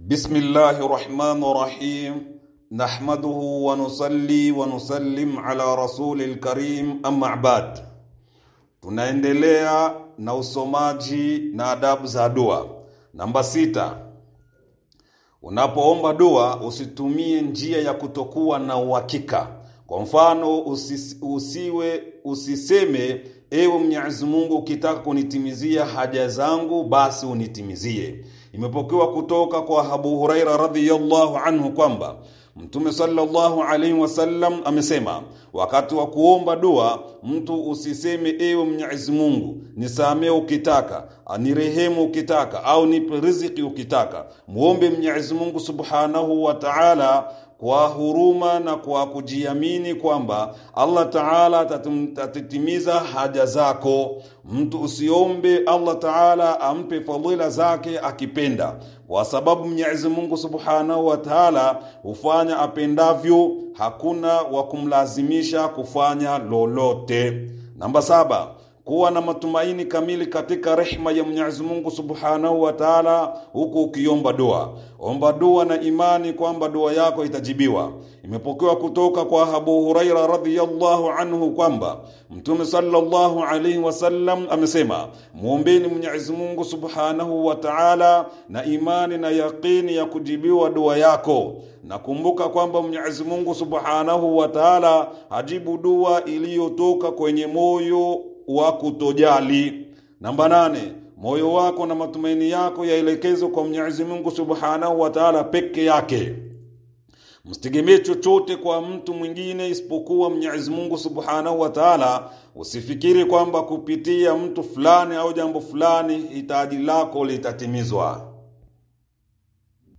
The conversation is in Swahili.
بسم الله الرحمن الرحيم نحمده ونصلي ونسلم ala rasuli الكريم amma ba'd. Tunaendelea na usomaji na adabu za dua. Namba sita, unapoomba dua usitumie njia ya kutokuwa na uhakika. Kwa mfano usis, usiwe usiseme ewe Mwenyezi Mungu, ukitaka kunitimizia haja zangu basi unitimizie Imepokewa kutoka kwa Abu Huraira radhiyallahu anhu kwamba Mtume sallallahu alaihi wasallam amesema, wakati wa kuomba dua mtu usiseme ewe Mwenyezi Mungu nisamee ukitaka, rehemu ukitaka, au nipe riziki ukitaka. Muombe Mwenyezi Mungu subhanahu wa ta'ala kwa huruma na kwa kujiamini kwamba Allah Taala atatimiza haja zako. Mtu usiombe Allah Taala ampe fadhila zake akipe kupenda kwa sababu mnyezi Mungu Subhanahu wa Ta'ala hufanya apendavyo, hakuna wa kumlazimisha kufanya lolote. Namba saba kuwa na matumaini kamili katika rehma ya Mwenyezi Mungu Subhanahu wa Ta'ala, huku ukiomba dua. Omba dua na imani kwamba dua yako itajibiwa. Imepokewa kutoka kwa Abu Huraira radhiyallahu anhu kwamba Mtume sallallahu alayhi wasallam amesema, muombeni Mwenyezi Mungu Subhanahu wa Ta'ala na imani na yaqini ya kujibiwa dua yako, na kumbuka kwamba Mwenyezi Mungu Subhanahu wa Ta'ala hajibu dua iliyotoka kwenye moyo wa kutojali. Namba nane, moyo wako na matumaini yako yaelekezwe kwa Mwenyezi Mungu Subhanahu wa Ta'ala peke yake. Msitegemee chochote kwa mtu mwingine isipokuwa Mwenyezi Mungu Subhanahu wa Ta'ala. Usifikiri kwamba kupitia mtu fulani au jambo fulani hitaji lako litatimizwa.